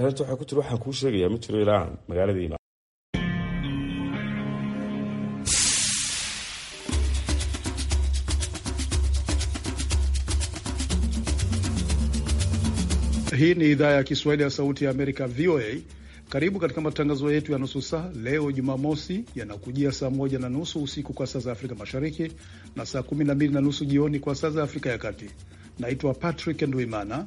horta waxaa ku tiri waxaan kuu sheegayaa ma jiro ilaa magaaladiina Hii ni idhaa ya Kiswahili ya Sauti ya Amerika, VOA. Karibu katika matangazo yetu ya nusu saa leo Jumamosi, yanakujia saa moja na nusu usiku kwa saa za Afrika Mashariki na saa kumi na mbili na nusu jioni kwa saa za Afrika ya Kati. Naitwa Patrick Nduimana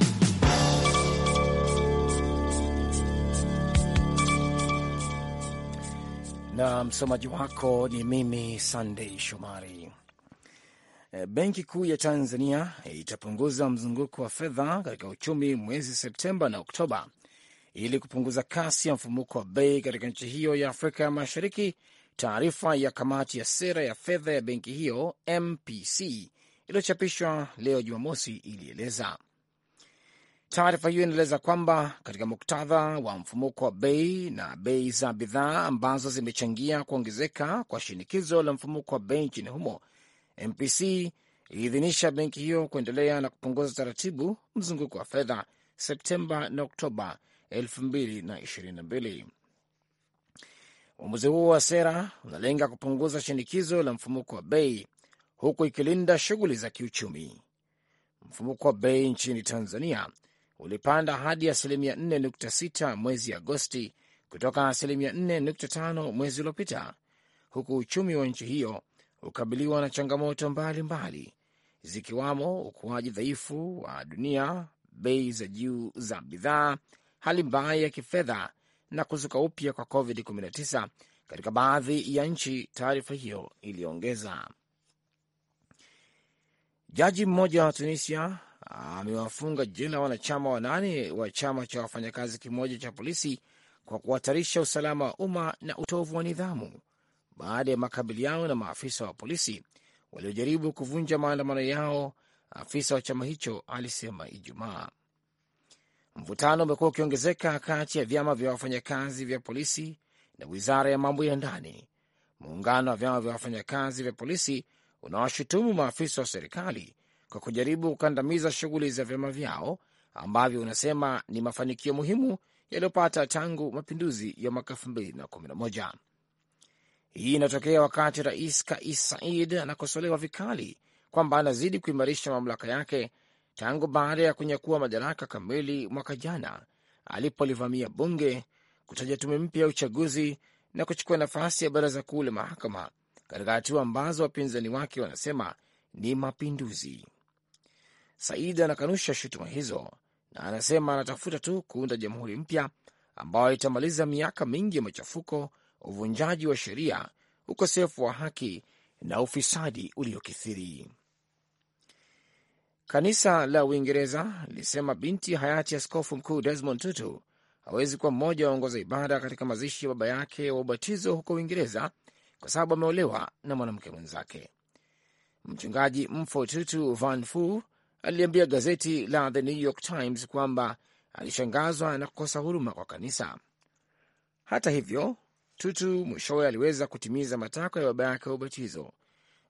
na msomaji wako ni mimi Sandei Shomari. E, benki Kuu ya Tanzania e, itapunguza mzunguko wa fedha katika uchumi mwezi Septemba na Oktoba ili kupunguza kasi ya mfumuko wa bei katika nchi hiyo ya Afrika ya Mashariki. Taarifa ya kamati ya sera ya fedha ya benki hiyo MPC iliyochapishwa leo Jumamosi ilieleza Taarifa hiyo inaeleza kwamba katika muktadha wa mfumuko wa bei na bei za bidhaa ambazo zimechangia kuongezeka kwa shinikizo la mfumuko wa bei nchini humo, MPC iliidhinisha benki hiyo kuendelea na kupunguza taratibu mzunguko wa fedha Septemba na Oktoba 2022. Uamuzi huo wa sera unalenga kupunguza shinikizo la mfumuko wa bei huku ikilinda shughuli za kiuchumi. Mfumuko wa bei nchini Tanzania ulipanda hadi asilimia 4.6 mwezi Agosti kutoka asilimia 4.5 mwezi uliopita, huku uchumi wa nchi hiyo ukabiliwa na changamoto mbalimbali zikiwamo ukuaji dhaifu wa dunia, bei za juu za bidhaa, hali mbaya ya kifedha na kuzuka upya kwa COVID-19 katika baadhi ya nchi, taarifa hiyo iliongeza. Jaji mmoja wa Tunisia amewafunga jela wanachama wanane wa chama cha wafanyakazi kimoja cha polisi kwa kuhatarisha usalama wa umma na utovu wa nidhamu baada ya makabiliano na maafisa wa polisi waliojaribu kuvunja maandamano yao, afisa wa chama hicho alisema Ijumaa. Mvutano umekuwa ukiongezeka kati ya vyama vya wafanyakazi vya polisi na wizara ya mambo ya ndani. Muungano wa vyama vya wafanyakazi vya polisi unawashutumu maafisa wa serikali kwa kujaribu kukandamiza shughuli za vyama vyao ambavyo unasema ni mafanikio muhimu yaliyopata tangu mapinduzi ya mwaka 2011. Hii inatokea wakati Rais Kais Saied anakosolewa vikali kwamba anazidi kuimarisha mamlaka yake tangu baada ya kunyakua madaraka kamili mwaka jana alipolivamia bunge, kutaja tume mpya ya uchaguzi na kuchukua nafasi ya baraza kuu la mahakama katika hatua ambazo wapinzani wake wanasema ni mapinduzi. Said anakanusha shutuma hizo na anasema anatafuta tu kuunda jamhuri mpya ambayo itamaliza miaka mingi ya machafuko, uvunjaji wa sheria, ukosefu wa haki na ufisadi uliokithiri. Kanisa la Uingereza lilisema binti hayati askofu mkuu Desmond Tutu hawezi kuwa mmoja waongoza ibada katika mazishi ya baba yake wa ubatizo huko Uingereza kwa sababu ameolewa na mwanamke mwenzake. Mchungaji Mfo Tutu Van Fu aliambia gazeti la The New York Times kwamba alishangazwa na kukosa huruma kwa kanisa. Hata hivyo, Tutu mwishowe aliweza kutimiza matakwa ya baba yake wa ubatizo.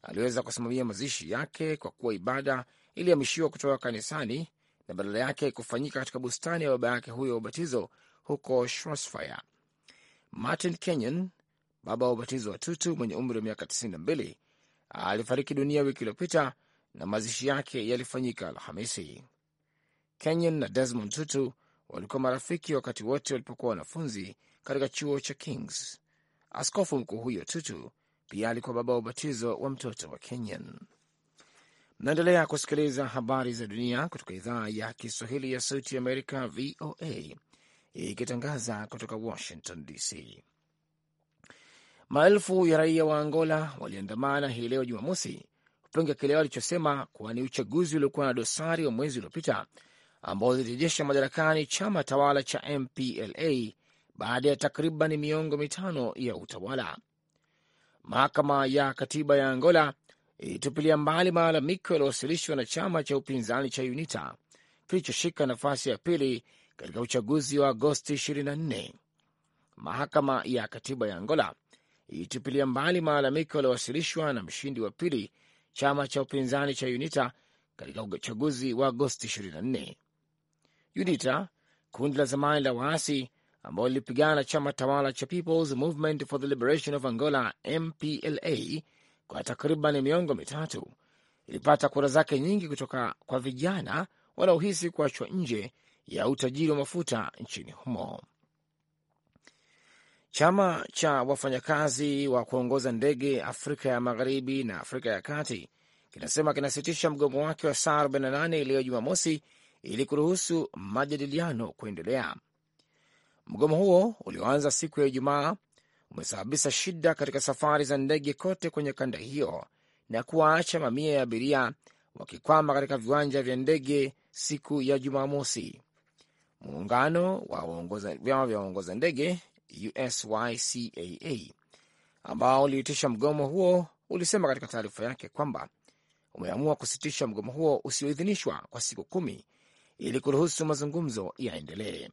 Aliweza kusimamia mazishi yake kwa kuwa ibada ilihamishiwa kutoka kanisani na badala yake kufanyika katika bustani ya baba yake huyo wa ubatizo huko Shropshire. Martin Kenyon, baba wa ubatizo wa Tutu mwenye umri wa miaka 92, alifariki dunia wiki iliyopita na mazishi yake yalifanyika Alhamisi. Kenyon na Desmond Tutu walikuwa marafiki wakati wote walipokuwa wanafunzi katika chuo cha Kings. Askofu mkuu huyo Tutu pia alikuwa baba wa ubatizo wa mtoto wa Kenyon. Mnaendelea kusikiliza habari za dunia kutoka idhaa ya Kiswahili ya Sauti Amerika, VOA, ikitangaza kutoka Washington DC. Maelfu ya raia wa Angola waliandamana hii leo Jumamosi kupinga kile walichosema kuwa ni uchaguzi uliokuwa na dosari wa mwezi uliopita ambao zilirejesha madarakani chama tawala cha MPLA baada ya takriban miongo mitano ya utawala. Mahakama ya Katiba ya Angola ilitupilia mbali malalamiko yaliyowasilishwa na chama cha upinzani cha UNITA kilichoshika nafasi ya pili katika uchaguzi wa Agosti 24. Mahakama ya Katiba ya Angola ilitupilia mbali malalamiko yaliyowasilishwa na mshindi wa pili chama cha upinzani cha UNITA katika uchaguzi wa Agosti 24. UNITA, kundi la zamani la waasi ambao lilipigana na chama tawala cha People's Movement for the Liberation of Angola, MPLA, kwa takriban miongo mitatu, ilipata kura zake nyingi kutoka kwa vijana wanaohisi kuachwa nje ya utajiri wa mafuta nchini humo. Chama cha wafanyakazi wa kuongoza ndege Afrika ya Magharibi na Afrika ya Kati kinasema kinasitisha mgomo wake wa saa 48 leo Jumamosi ili kuruhusu majadiliano kuendelea. Mgomo huo ulioanza siku ya Ijumaa umesababisha shida katika safari za ndege kote kwenye kanda hiyo na kuwaacha mamia ya abiria wakikwama katika viwanja vya ndege siku ya Jumamosi. Muungano wa vyama vya waongoza ndege USYCAA ambao uliitisha mgomo huo ulisema katika taarifa yake kwamba umeamua kusitisha mgomo huo usioidhinishwa kwa siku kumi ili kuruhusu mazungumzo yaendelee.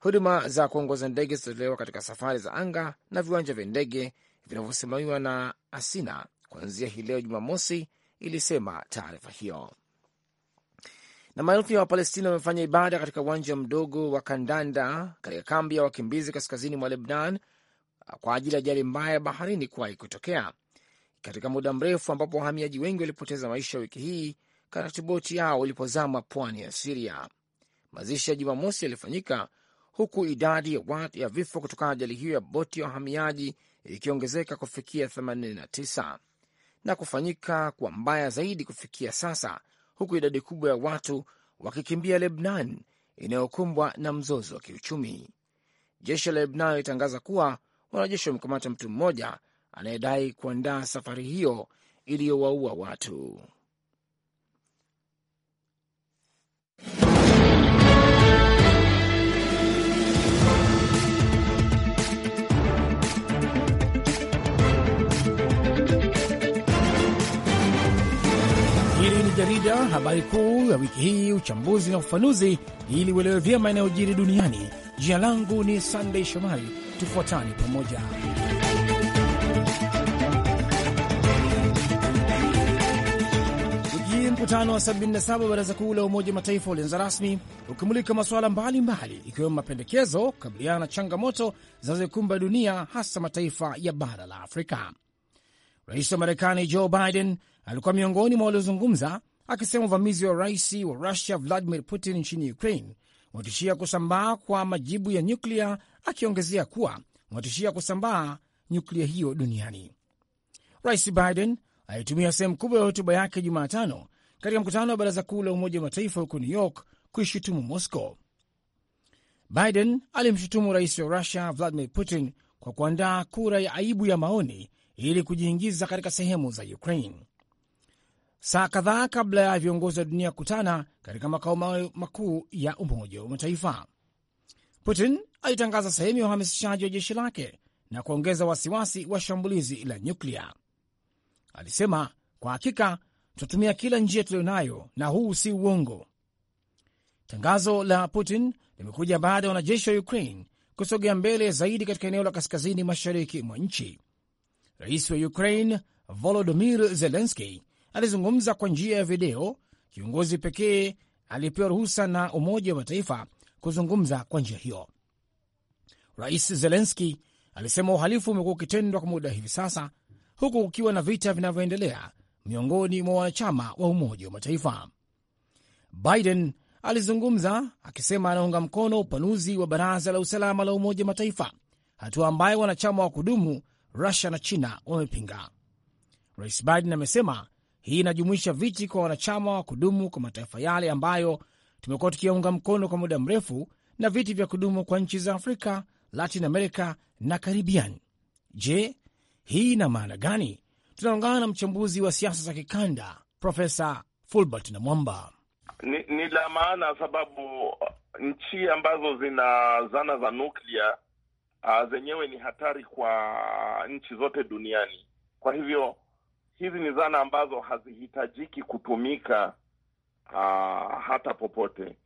Huduma za kuongoza ndege zitatolewa katika safari za anga na viwanja vya ndege vinavyosimamiwa na Asina kuanzia hii leo Jumamosi, ilisema taarifa hiyo. Na maelfu ya Wapalestina wamefanya ibada katika uwanja mdogo wa kandanda katika kambi ya wakimbizi kaskazini mwa Lebnan kwa ajili ya ajali mbaya ya baharini kuwahi kutokea katika muda mrefu, ambapo wahamiaji wengi walipoteza maisha wiki hii wakati boti yao ilipozama pwani ya Siria. Mazishi ya Jumamosi yalifanyika huku idadi ya watu ya vifo kutokana na ajali hiyo ya boti ya wahamiaji ikiongezeka kufikia 89 na kufanyika kwa mbaya zaidi kufikia sasa huku idadi kubwa ya watu wakikimbia Lebnan inayokumbwa na mzozo wa kiuchumi. Jeshi la Lebnan litangaza kuwa wanajeshi wamekamata mtu mmoja anayedai kuandaa safari hiyo iliyowaua watu. jarida, habari kuu ya wiki hii, uchambuzi na ufanuzi, ili uelewe vyema inayojiri duniani. Jina langu ni sandey Shomari, tufuatani pamoja. Mkutano wa 77 Baraza Kuu la Umoja Mataifa ulianza rasmi ukimulika masuala mbalimbali ikiwemo mapendekezo kukabiliana na changamoto zinazoikumba dunia hasa mataifa ya bara la Afrika. Rais wa Marekani Joe Biden alikuwa miongoni mwa waliozungumza akisema uvamizi wa rais wa Rusia Vladimir Putin nchini Ukraine unatishia kusambaa kwa majibu ya nyuklia, akiongezea kuwa unatishia kusambaa nyuklia hiyo duniani. Rais Biden alitumia sehemu kubwa ya hotuba yake Jumatano katika mkutano wa baraza kuu la Umoja wa Mataifa huko New York kuishutumu Moscow. Biden alimshutumu rais wa Rusia Vladimir Putin kwa kuandaa kura ya aibu ya maoni ili kujiingiza katika sehemu za Ukraine saa kadhaa kabla ya viongozi wa dunia kukutana katika makao makuu ya Umoja wa Mataifa. Putin alitangaza sehemu ya uhamasishaji wa jeshi lake na kuongeza wasiwasi wa shambulizi la nyuklia. Alisema, kwa hakika tutatumia kila njia tuliyonayo, na huu si uongo. Tangazo la Putin limekuja baada ya wanajeshi wa Ukraine kusogea mbele zaidi katika eneo la kaskazini mashariki mwa nchi. Rais wa Ukraine volodimir zelenski alizungumza kwa njia ya video, kiongozi pekee aliyepewa ruhusa na Umoja wa Mataifa kuzungumza kwa njia hiyo. Rais Zelenski alisema uhalifu umekuwa ukitendwa kwa muda hivi sasa, huku kukiwa na vita vinavyoendelea miongoni mwa wanachama wa Umoja wa Mataifa. Biden alizungumza akisema anaunga mkono upanuzi wa Baraza la Usalama la Umoja wa Mataifa, hatua ambayo wanachama wa kudumu Rusia na China wamepinga. Rais Biden amesema hii inajumuisha viti kwa wanachama wa kudumu kwa mataifa yale ambayo tumekuwa tukiyaunga mkono kwa muda mrefu na viti vya kudumu kwa nchi za Afrika, Latin America na Karibian. Je, hii ina maana gani? Tunaungana na mchambuzi wa siasa za kikanda Profesa Fulbert na Mwamba. Ni, ni la maana sababu uh, nchi ambazo zina zana za nuklia uh, zenyewe ni hatari kwa nchi zote duniani. Kwa hivyo hizi ni zana ambazo hazihitajiki kutumika uh, hata popote.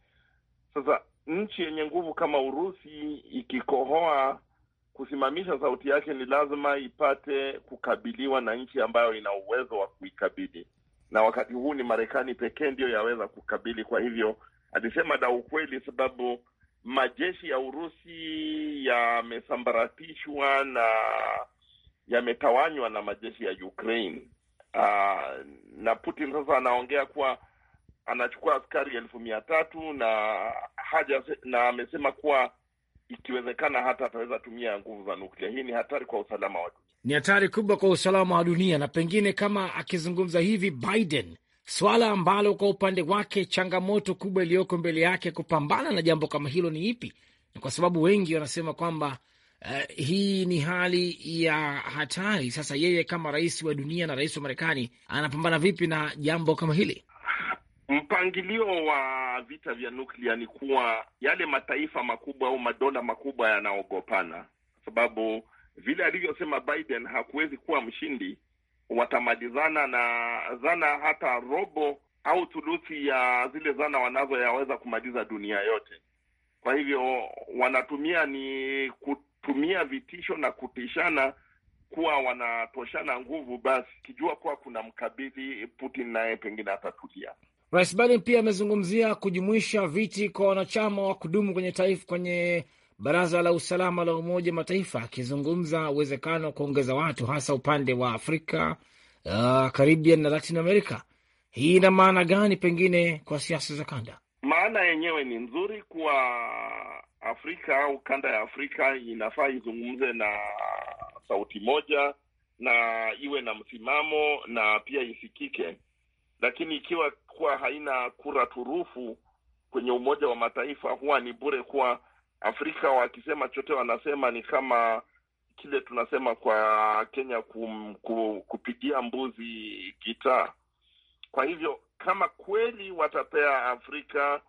Sasa nchi yenye nguvu kama Urusi ikikohoa kusimamisha sauti yake, ni lazima ipate kukabiliwa na nchi ambayo ina uwezo wa kuikabili, na wakati huu ni Marekani pekee ndiyo yaweza kukabili. Kwa hivyo alisema da ukweli, sababu majeshi ya Urusi yamesambaratishwa na yametawanywa na majeshi ya Ukraine. Uh, na Putin sasa anaongea kuwa anachukua askari elfu mia tatu na haja na amesema kuwa ikiwezekana hata ataweza tumia nguvu za nuklia. Hii ni hatari kwa usalama wa dunia, ni hatari kubwa kwa usalama wa dunia. Na pengine kama akizungumza hivi Biden, swala ambalo kwa upande wake changamoto kubwa iliyoko mbele yake kupambana na jambo kama hilo ni ipi? Kwa sababu wengi wanasema kwamba Uh, hii ni hali ya hatari. Sasa yeye kama rais wa dunia na rais wa Marekani anapambana vipi na jambo kama hili? Mpangilio wa vita vya nuklia ni kuwa yale mataifa makubwa au madola makubwa yanaogopana, sababu vile alivyosema Biden hakuwezi kuwa mshindi. Watamalizana na zana hata robo au thuluthi ya zile zana wanazoyaweza kumaliza dunia yote. Kwa hivyo wanatumia ni kut kutumia vitisho na kutishana kuwa wanatoshana nguvu, basi kijua kuwa kuna mkabidhi Putin, naye pengine atatulia. Rais Biden pia amezungumzia kujumuisha viti kwa wanachama wa kudumu kwenye taifa kwenye baraza la usalama la Umoja Mataifa, akizungumza uwezekano wa kuongeza watu hasa upande wa Afrika, uh, Caribbean na Latin America. Hii ina maana gani pengine kwa siasa za kanda? maana yenyewe ni nzuri kuwa Afrika au kanda ya Afrika inafaa izungumze na sauti moja na iwe na msimamo na pia isikike, lakini ikiwa kuwa haina kura turufu kwenye Umoja wa Mataifa huwa ni bure, kuwa Afrika wakisema chote wanasema ni kama kile tunasema kwa Kenya kum, kum, kupigia mbuzi gitaa. Kwa hivyo kama kweli watapea Afrika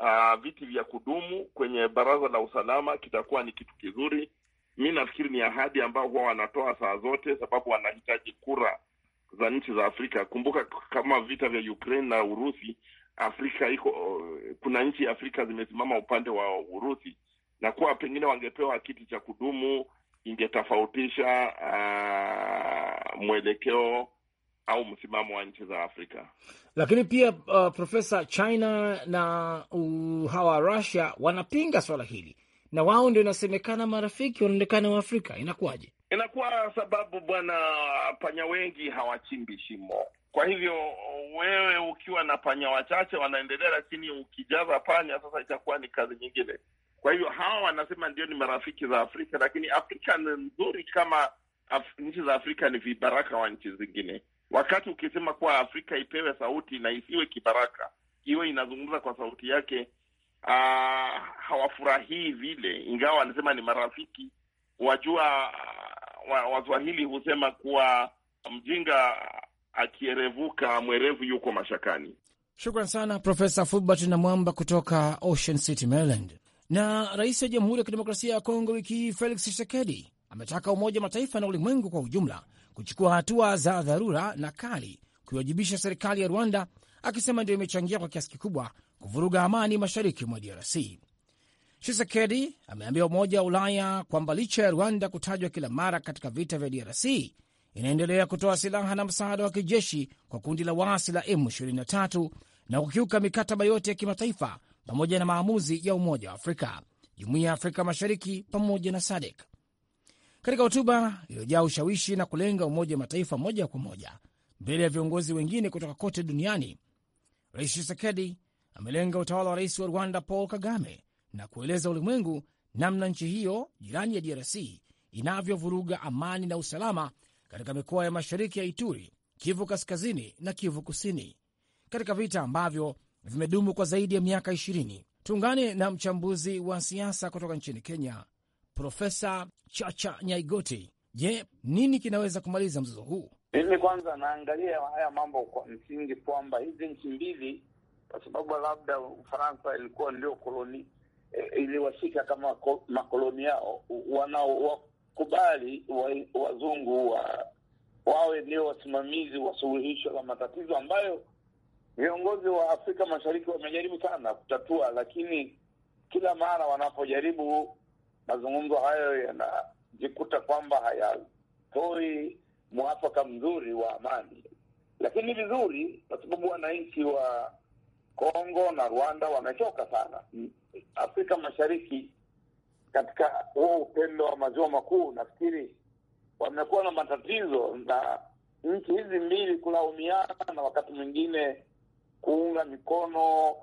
uh, viti vya kudumu kwenye baraza la usalama, kitakuwa ni kitu kizuri. Mi nafikiri ni ahadi ambao huwa wanatoa saa zote, sababu wanahitaji kura za nchi za Afrika. Kumbuka kama vita vya Ukraine na Urusi, Afrika iko, kuna nchi Afrika zimesimama upande wa Urusi, na kuwa pengine wangepewa kiti cha kudumu ingetofautisha uh, ah, mwelekeo au msimamo wa nchi za Afrika. Lakini pia uh, Profesa, China na uh, hawa Russia wanapinga swala hili na wao ndio inasemekana marafiki wanaonekana wa Afrika. Inakuwaje? Inakuwa sababu bwana, panya wengi hawachimbi shimo. Kwa hivyo wewe ukiwa na panya wachache wanaendelea, lakini ukijaza panya sasa itakuwa ni kazi nyingine. Kwa hivyo hawa wanasema ndio ni marafiki za Afrika, lakini Afrika ni nzuri kama Af nchi za Afrika ni vibaraka wa nchi zingine. Wakati ukisema kuwa Afrika ipewe sauti na isiwe kibaraka, iwe inazungumza kwa sauti yake, aa, ah, hawafurahii vile, ingawa wanasema ni marafiki. Wajua wa, Waswahili husema kuwa mjinga akierevuka mwerevu yuko mashakani. Shukran sana Profesa Fulbert na Mwamba kutoka Ocean City, Maryland. Na rais wa Jamhuri ya Kidemokrasia ya Kongo wiki hii Felix Tshisekedi ametaka Umoja Mataifa na ulimwengu kwa ujumla kuchukua hatua za dharura na kali kuiwajibisha serikali ya Rwanda, akisema ndio imechangia kwa kiasi kikubwa kuvuruga amani mashariki mwa DRC. Tshisekedi ameambia Umoja wa Ulaya kwamba licha ya Rwanda kutajwa kila mara katika vita vya DRC, inaendelea kutoa silaha na msaada wa kijeshi kwa kundi la waasi la M23 na kukiuka mikataba yote ya kimataifa pamoja na maamuzi ya Umoja wa Afrika, Jumuiya ya Afrika Mashariki pamoja na SADC. Katika hotuba iliyojaa ushawishi na kulenga Umoja wa Mataifa moja kwa moja mbele ya viongozi wengine kutoka kote duniani, Rais chisekedi amelenga utawala wa rais wa Rwanda Paul Kagame na kueleza ulimwengu namna nchi hiyo jirani ya DRC inavyovuruga amani na usalama katika mikoa ya mashariki ya Ituri, Kivu kaskazini na Kivu kusini, katika vita ambavyo vimedumu kwa zaidi ya miaka 20. Tuungane na mchambuzi wa siasa kutoka nchini Kenya, Profesa Chacha Nyaigoti, je, nini kinaweza kumaliza mzozo huu? Mimi kwanza naangalia haya mambo kwa msingi kwamba hizi nchi mbili, kwa sababu labda Ufaransa ilikuwa ndio koloni e, iliwashika kama makoloni yao, wa, wazungu wa, wawe ndio wasimamizi wa suluhisho la matatizo ambayo viongozi wa Afrika Mashariki wamejaribu sana kutatua, lakini kila mara wanapojaribu mazungumzo hayo yanajikuta kwamba hayatoi mwafaka mzuri wa amani, lakini ni vizuri kwa sababu wananchi wa Kongo na Rwanda wamechoka sana Afrika Mashariki katika huo upendo wa maziwa makuu. Nafikiri wamekuwa na matatizo na nchi hizi mbili kulaumiana na wakati mwingine kuunga mikono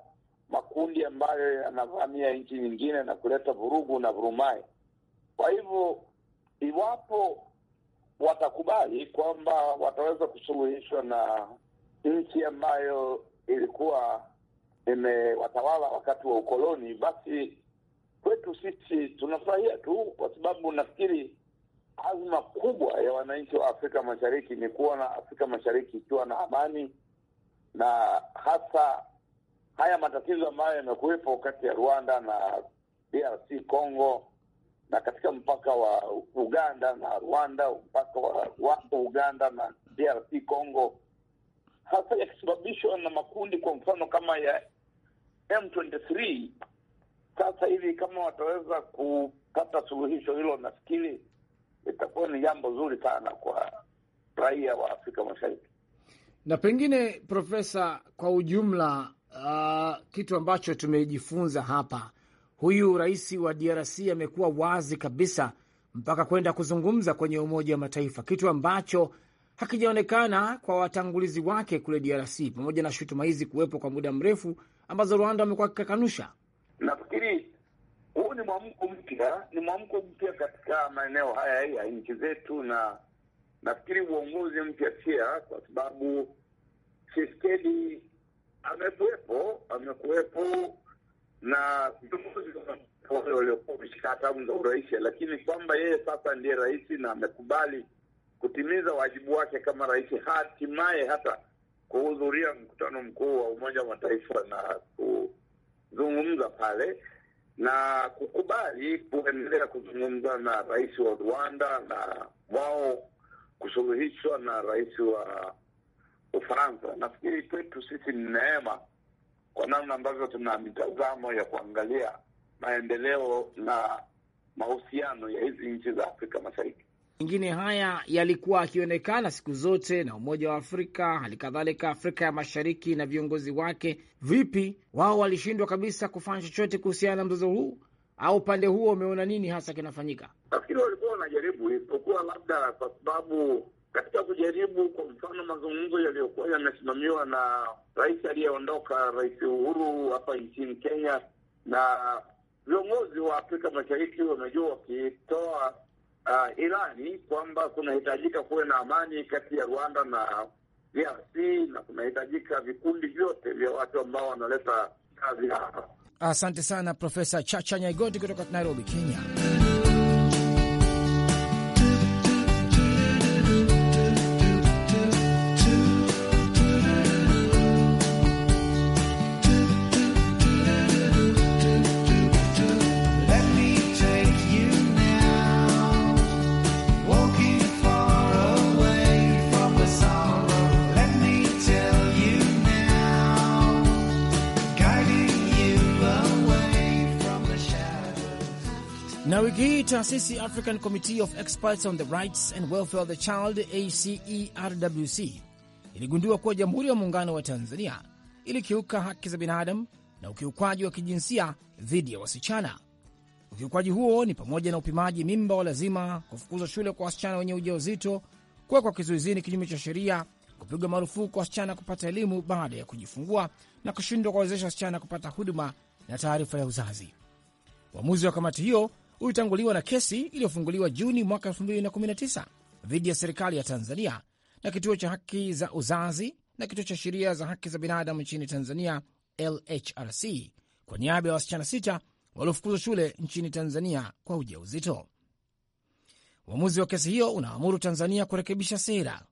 makundi ambayo yanavamia nchi nyingine na kuleta vurugu na vurumai. Kwa hivyo, iwapo watakubali kwamba wataweza kusuluhishwa na nchi ambayo ilikuwa imewatawala wakati wa ukoloni, basi kwetu sisi tunafurahia tu, kwa sababu nafikiri azma kubwa ya wananchi wa Afrika Mashariki ni kuona Afrika Mashariki ikiwa na amani na hasa haya matatizo ambayo yamekuwepo kati ya Rwanda na DRC Congo na katika mpaka wa Uganda na Rwanda, mpaka wa, Rwanda, Uganda na DRC Congo, hasa yakisababishwa na makundi kwa mfano kama ya M23. Sasa hivi kama wataweza kupata suluhisho hilo, nafikiri itakuwa ni jambo zuri sana kwa raia wa Afrika Mashariki na pengine, Profesa, kwa ujumla uh, kitu ambacho tumejifunza hapa, huyu rais wa DRC amekuwa wazi kabisa mpaka kwenda kuzungumza kwenye Umoja wa Mataifa, kitu ambacho hakijaonekana kwa watangulizi wake kule DRC, pamoja na shutuma hizi kuwepo kwa muda mrefu ambazo Rwanda amekuwa akikakanusha. Nafikiri huu ni mwamko mpya, ni mwamko mpya katika maeneo haya ya nchi zetu, na nafikiri uongozi mpya pia, kwa sababu siskedi amekuwepo, amekuwepo na wale waliokuwa wameshika hatamu za urais, lakini kwamba yeye sasa ndiye rais na amekubali kutimiza wajibu wake kama rais, hatimaye hata kuhudhuria mkutano mkuu wa Umoja wa Mataifa na kuzungumza pale na kukubali kuendelea kuzungumza na rais wa Rwanda na wao kusuluhishwa na rais wa Ufaransa. Nafikiri kwetu sisi ni neema kwa namna ambavyo tuna mitazamo ya kuangalia maendeleo na mahusiano ya hizi nchi za Afrika Mashariki. Mengine haya yalikuwa akionekana siku zote na Umoja wa Afrika, hali kadhalika Afrika ya Mashariki na viongozi wake. Vipi, wao walishindwa kabisa kufanya chochote kuhusiana na mzozo huu, au upande huo umeona nini hasa kinafanyika? Nafikiri walikuwa wanajaribu, isipokuwa labda kwa sababu katika kujaribu kwa mfano mazungumzo yaliyokuwa yamesimamiwa na rais aliyeondoka, Rais Uhuru hapa nchini Kenya, na viongozi wa Afrika Mashariki wamejua wakitoa uh, ilani kwamba kunahitajika kuwe na amani kati ya Rwanda na DRC na kunahitajika vikundi vyote vya watu ambao wanaleta kazi hapa. Asante sana Profesa Chacha Nyaigoti kutoka Nairobi, Kenya. wiki hii taasisi African Committee of Experts on the Rights and Welfare of the Child ACERWC e iligundua kuwa Jamhuri ya Muungano wa Tanzania ilikiuka haki za binadamu na ukiukwaji wa kijinsia dhidi ya wasichana. Ukiukwaji huo ni pamoja na upimaji mimba wa lazima, kufukuzwa shule kwa wasichana wenye ujauzito, kuwekwa kizuizini kinyume cha sheria, kupigwa marufuku kwa wasichana kupata elimu baada ya kujifungua na kushindwa kuwawezesha wasichana kupata huduma na taarifa ya uzazi. Uamuzi wa kamati hiyo ulitanguliwa na kesi iliyofunguliwa Juni mwaka 2019 dhidi ya serikali ya Tanzania na kituo cha haki za uzazi na kituo cha sheria za haki za binadamu nchini Tanzania LHRC kwa niaba ya wasichana sita waliofukuzwa shule nchini Tanzania kwa ujauzito. Uamuzi wa kesi hiyo unaamuru Tanzania kurekebisha sera,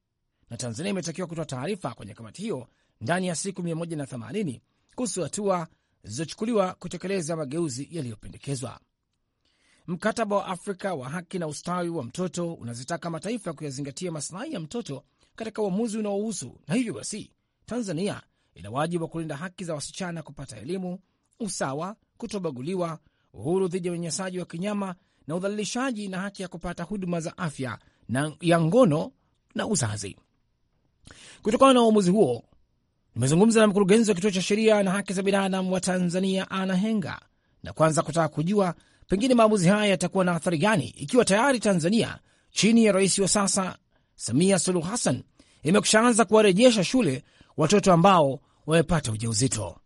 na Tanzania imetakiwa kutoa taarifa kwenye kamati hiyo ndani ya siku 180 kuhusu hatua zilizochukuliwa kutekeleza mageuzi yaliyopendekezwa. Mkataba wa Afrika wa haki na ustawi wa mtoto unazitaka mataifa kuyazingatia masilahi ya mtoto katika uamuzi unaohusu, na hivyo basi Tanzania ina wajibu wa kulinda haki za wasichana kupata elimu, usawa, kutobaguliwa, uhuru dhidi ya unyanyasaji wa kinyama na udhalilishaji, na haki ya kupata huduma za afya na ya ngono na uzazi. Kutokana na uamuzi huo, nimezungumza na mkurugenzi wa Kituo cha Sheria na Haki za Binadamu wa Tanzania, Ana Henga, na kwanza kutaka kujua pengine maamuzi haya yatakuwa na athari gani ikiwa tayari Tanzania chini ya rais wa sasa Samia Suluhu Hassan imekushaanza kuwarejesha shule watoto ambao wamepata ujauzito?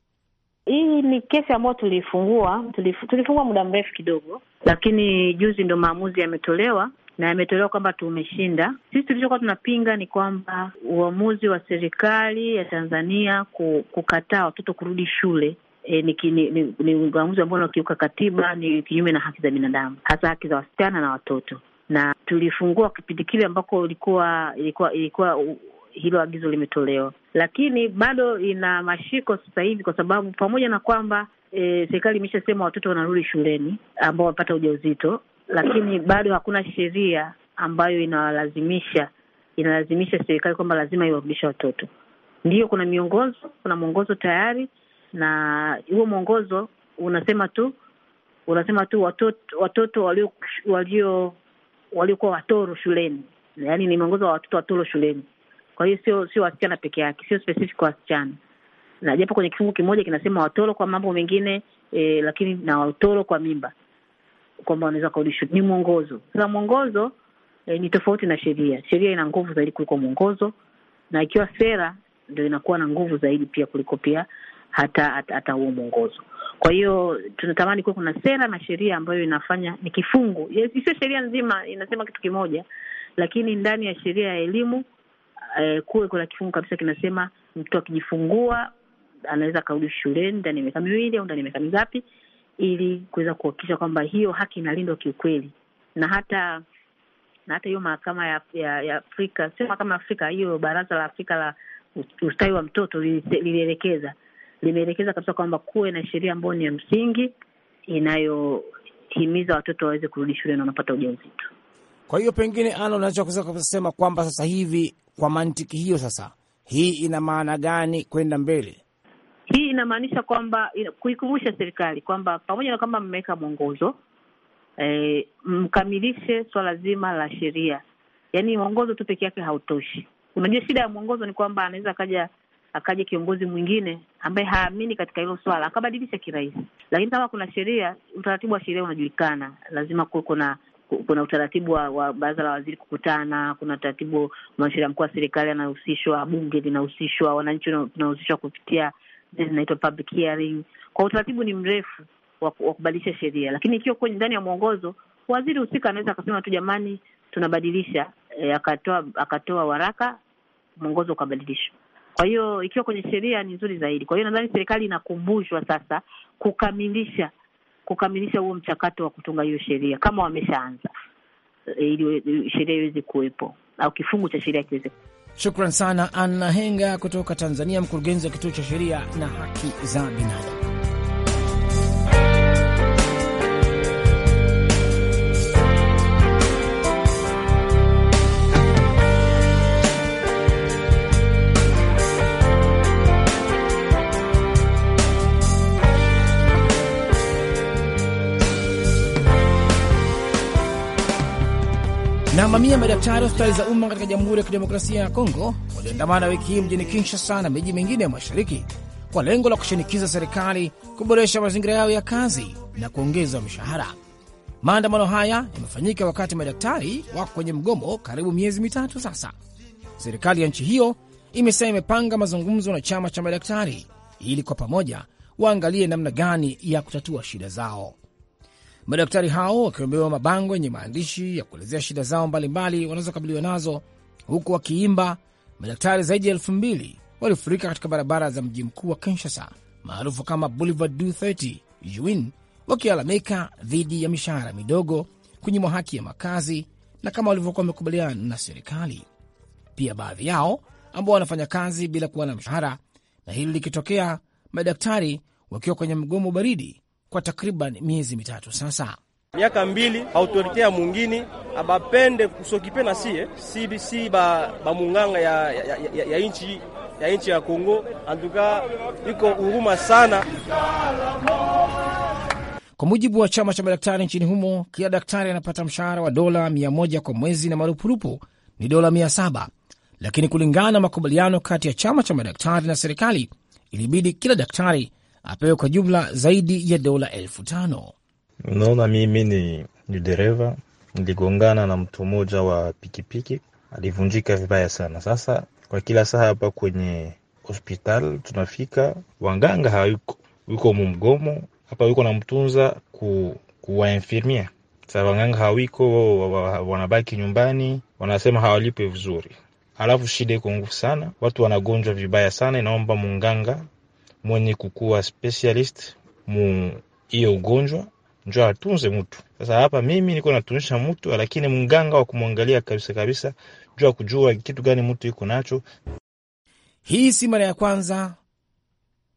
Hii ni kesi ambayo tulifungua tulifu, tulifungua muda mrefu kidogo, lakini juzi ndo maamuzi yametolewa na yametolewa kwamba tumeshinda. Sisi tulichokuwa tunapinga ni kwamba uamuzi wa serikali ya Tanzania kukataa watoto kurudi shule e, ni, ni, ni, ni uamuzi ambao unakiuka katiba, ni kinyume na haki za binadamu, hasa haki za wasichana na watoto. Na tulifungua kipindi kile ambako ilikuwa ilikuwa ilikuwa hilo agizo limetolewa, lakini bado ina mashiko sasa hivi, kwa sababu pamoja na kwamba e, serikali imeshasema watoto wanarudi shuleni ambao wamepata ujauzito, lakini bado hakuna sheria ambayo inawalazimisha inalazimisha serikali kwamba lazima iwarudisha watoto. Ndiyo, kuna miongozo, kuna mwongozo tayari na huo mwongozo unasema tu unasema tu watoto watoto walio walio waliokuwa watoro shuleni, yaani ni mwongozo wa watoto watoro shuleni. Kwa hiyo sio sio wasichana peke yake, sio specific kwa wasichana, na japo kwenye kifungu kimoja kinasema watoro kwa mambo mengine e, lakini na watoro kwa mimba kwamba wanaweza kurudishwa. Ni mwongozo. Sasa mwongozo e, ni tofauti na sheria. Sheria ina nguvu zaidi kuliko mwongozo, na ikiwa sera ndio inakuwa na nguvu zaidi pia kuliko pia hata hata huo mwongozo. Kwa hiyo tunatamani kuwa kuna sera na sheria ambayo inafanya ni kifungu, sio sheria nzima inasema kitu kimoja, lakini ndani ya sheria ya elimu eh, kuwe kuna kifungu kabisa kinasema mtu akijifungua anaweza akarudi shuleni ndani ya miaka miwili au ndani ya miaka mingapi, ili kuweza kuhakikisha kwamba hiyo haki inalindwa kiukweli, na hata na hata hiyo mahakama ya, ya, ya Afrika sio mahakama ya Afrika, hiyo baraza la Afrika la ustawi wa mtoto lilielekeza limeelekeza kabisa kwamba kuwe na sheria ambayo ni ya msingi inayohimiza watoto waweze kurudi shule na wanapata ujauzito. Kwa hiyo pengine, Ana, unachoweza kusema kwamba sasa hivi kwa mantiki hiyo, sasa hii ina maana gani kwenda mbele? Hii inamaanisha kwamba kuikumbusha serikali kwamba pamoja na kwamba mmeweka mwongozo e, mkamilishe swala zima la sheria. Yaani mwongozo tu peke yake hautoshi. Unajua, shida ya mwongozo ni kwamba anaweza akaja akaja kiongozi mwingine ambaye haamini katika hilo swala akabadilisha kirahisi. Lakini kama kuna sheria, utaratibu wa sheria unajulikana, lazima kuweko na kuna utaratibu wa, wa baraza la waziri kukutana. Kuna utaratibu mwanasheria mkuu wa serikali anahusishwa, bunge linahusishwa, wananchi tunahusishwa kupitia zinaitwa public hearing. Kwa utaratibu ni mrefu wa kubadilisha sheria, lakini ikiwa kwenye ndani ya mwongozo, waziri husika anaweza akasema tu jamani, tunabadilisha e, akatoa akatoa waraka, mwongozo ukabadilishwa. Kwa hiyo ikiwa kwenye sheria ni nzuri zaidi. Kwa hiyo nadhani serikali inakumbushwa sasa kukamilisha kukamilisha huo mchakato wa kutunga hiyo sheria kama wameshaanza, eh, ili eh, sheria iweze kuwepo au kifungu cha sheria kiweze. Shukran sana Anna Henga kutoka Tanzania, mkurugenzi wa kituo cha sheria na haki za binadamu. Mamia madaktari hospitali za umma katika Jamhuri ya Kidemokrasia ya Kongo waliandamana wiki hii mjini Kinshasa na miji mingine ya mashariki kwa lengo la kushinikiza serikali kuboresha mazingira yao ya kazi na kuongeza mishahara. Maandamano haya yamefanyika wakati madaktari wako kwenye mgomo karibu miezi mitatu sasa. Serikali ya nchi hiyo imesema imepanga mazungumzo na chama cha madaktari ili kwa pamoja waangalie namna gani ya kutatua shida zao. Madaktari hao wakiombewa mabango yenye maandishi ya kuelezea shida zao mbalimbali wanazokabiliwa nazo, huku wakiimba. Madaktari zaidi ya elfu mbili walifurika katika barabara za mji mkuu wa Kinshasa maarufu kama Boulevard du 30 Juin, wakilalamika dhidi ya mishahara midogo, kunyimwa haki ya makazi na kama walivyokuwa wamekubaliana na serikali. Pia baadhi yao ambao wanafanya kazi bila kuwa na mshahara, na hili likitokea madaktari wakiwa kwenye mgomo baridi kwa takriban miezi mitatu sasa miaka mbili autorite ya mungini abapende kusokipe na sie cbc ba, ba munganga ya, ya, ya, ya inchi ya inchi ya Kongo antuka iko huruma sana. Kwa mujibu wa chama cha madaktari nchini humo, kila daktari anapata mshahara wa dola mia moja kwa mwezi na marupurupu ni dola mia saba lakini kulingana na makubaliano kati ya chama cha madaktari na serikali, ilibidi kila daktari apewe kwa jumla zaidi ya dola elfu tano. Unaona, mimi ni, ni dereva, niligongana na mtu mmoja wa pikipiki, alivunjika vibaya sana. Sasa kwa kila saa hapa kwenye hospital tunafika, wanganga hayuko, yuko mumgomo hapa, yuko namtunza ku, kuwainfirmia sa wanganga hawiko, wanabaki nyumbani, wanasema hawalipe vizuri, alafu shida iko nguvu sana, watu wanagonjwa vibaya sana, inaomba munganga mwenye kukuwa specialist mu hiyo ugonjwa njo atunze mtu. Sasa hapa mimi niko natunisha mtu, lakini mganga wa kumwangalia kabisa kabisa, juu ya kujua kitu gani mtu yuko nacho. Hii si mara ya kwanza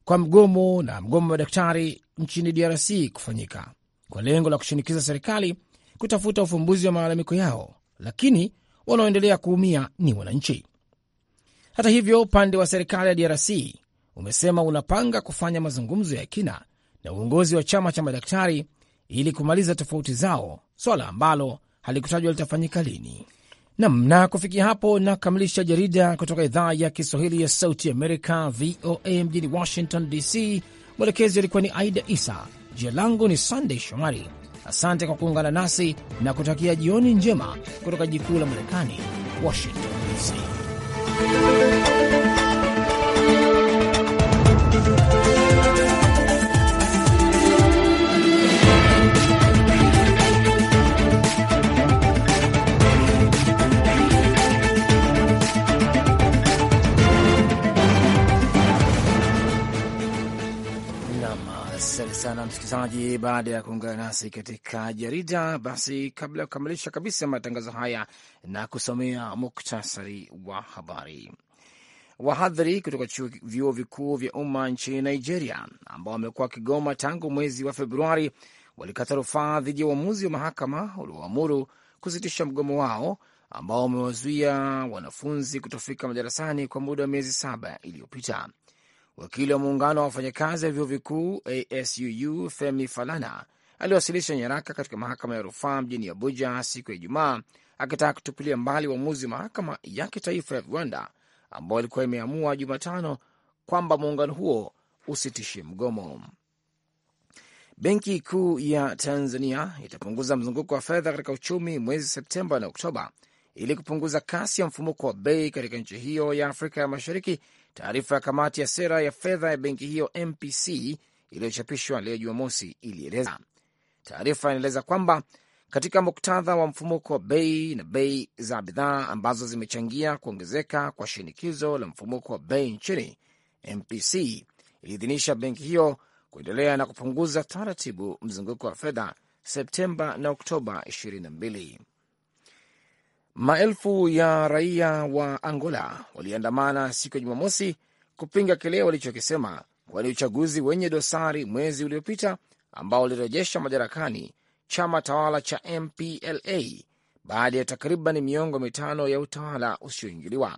kwa mgomo na mgomo wa madaktari nchini DRC kufanyika kwa lengo la kushinikiza serikali kutafuta ufumbuzi wa malalamiko yao, lakini wanaoendelea kuumia ni wananchi. Hata hivyo, upande wa serikali ya DRC umesema unapanga kufanya mazungumzo ya kina na uongozi wa chama cha madaktari ili kumaliza tofauti zao, swala ambalo halikutajwa litafanyika lini. Nam na kufikia hapo nakamilisha jarida kutoka idhaa ya Kiswahili ya Sauti Amerika, VOA mjini Washington DC. Mwelekezi alikuwa ni Aida Isa. Jina langu ni Sandey Shomari. Asante kwa kuungana nasi na kutakia jioni njema kutoka jikuu la Marekani, Washington DC. msikilizaji, baada ya kuungana nasi katika jarida, basi kabla ya kukamilisha kabisa matangazo haya na kusomea muktasari wa habari, wahadhiri kutoka vyuo vikuu vya umma nchini Nigeria ambao wamekuwa wakigoma tangu mwezi wa Februari walikata rufaa dhidi ya uamuzi wa mahakama ulioamuru kusitisha mgomo wao ambao wamewazuia wanafunzi kutofika madarasani kwa muda wa miezi saba iliyopita. Wakili wa muungano wa wafanyakazi wa vyuo vikuu ASUU Femi Falana aliwasilisha nyaraka katika mahakama ya rufaa mjini Abuja siku ya Ijumaa akitaka kutupilia mbali uamuzi wa mahakama ya kitaifa ya viwanda ambayo ilikuwa imeamua Jumatano kwamba muungano huo usitishe mgomo. Benki Kuu ya Tanzania itapunguza mzunguko wa fedha katika uchumi mwezi Septemba na Oktoba ili kupunguza kasi ya mfumuko wa bei katika nchi hiyo ya Afrika ya Mashariki Taarifa ya kamati ya sera ya fedha ya benki hiyo MPC iliyochapishwa leo Jumamosi ilieleza. Taarifa inaeleza kwamba katika muktadha wa mfumuko wa bei na bei za bidhaa ambazo zimechangia kuongezeka kwa shinikizo la mfumuko wa bei nchini, MPC iliidhinisha benki hiyo kuendelea na kupunguza taratibu mzunguko wa fedha Septemba na Oktoba 22. Maelfu ya raia wa Angola waliandamana siku ya Jumamosi kupinga kile walichokisema kuwa ni uchaguzi wenye dosari mwezi uliopita ambao ulirejesha madarakani chama tawala cha MPLA baada ya takriban miongo mitano ya utawala usioingiliwa.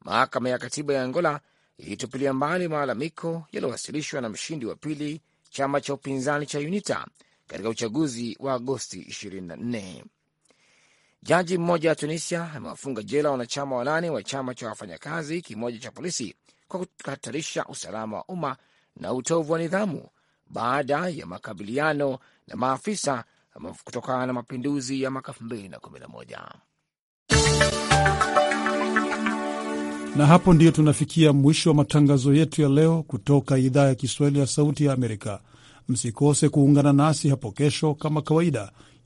Mahakama ya katiba ya Angola ilitupilia mbali malalamiko yaliyowasilishwa na mshindi wa pili, chama cha upinzani cha UNITA, katika uchaguzi wa Agosti 24. Jaji mmoja wa Tunisia amewafunga jela wanachama wanane wa chama cha wafanyakazi kimoja cha polisi kwa kuhatarisha usalama wa umma na utovu wa nidhamu baada ya makabiliano na maafisa kutokana na mapinduzi ya mwaka 2011. Na hapo ndiyo tunafikia mwisho wa matangazo yetu ya leo kutoka idhaa ya Kiswahili ya Sauti ya Amerika. Msikose kuungana nasi hapo kesho kama kawaida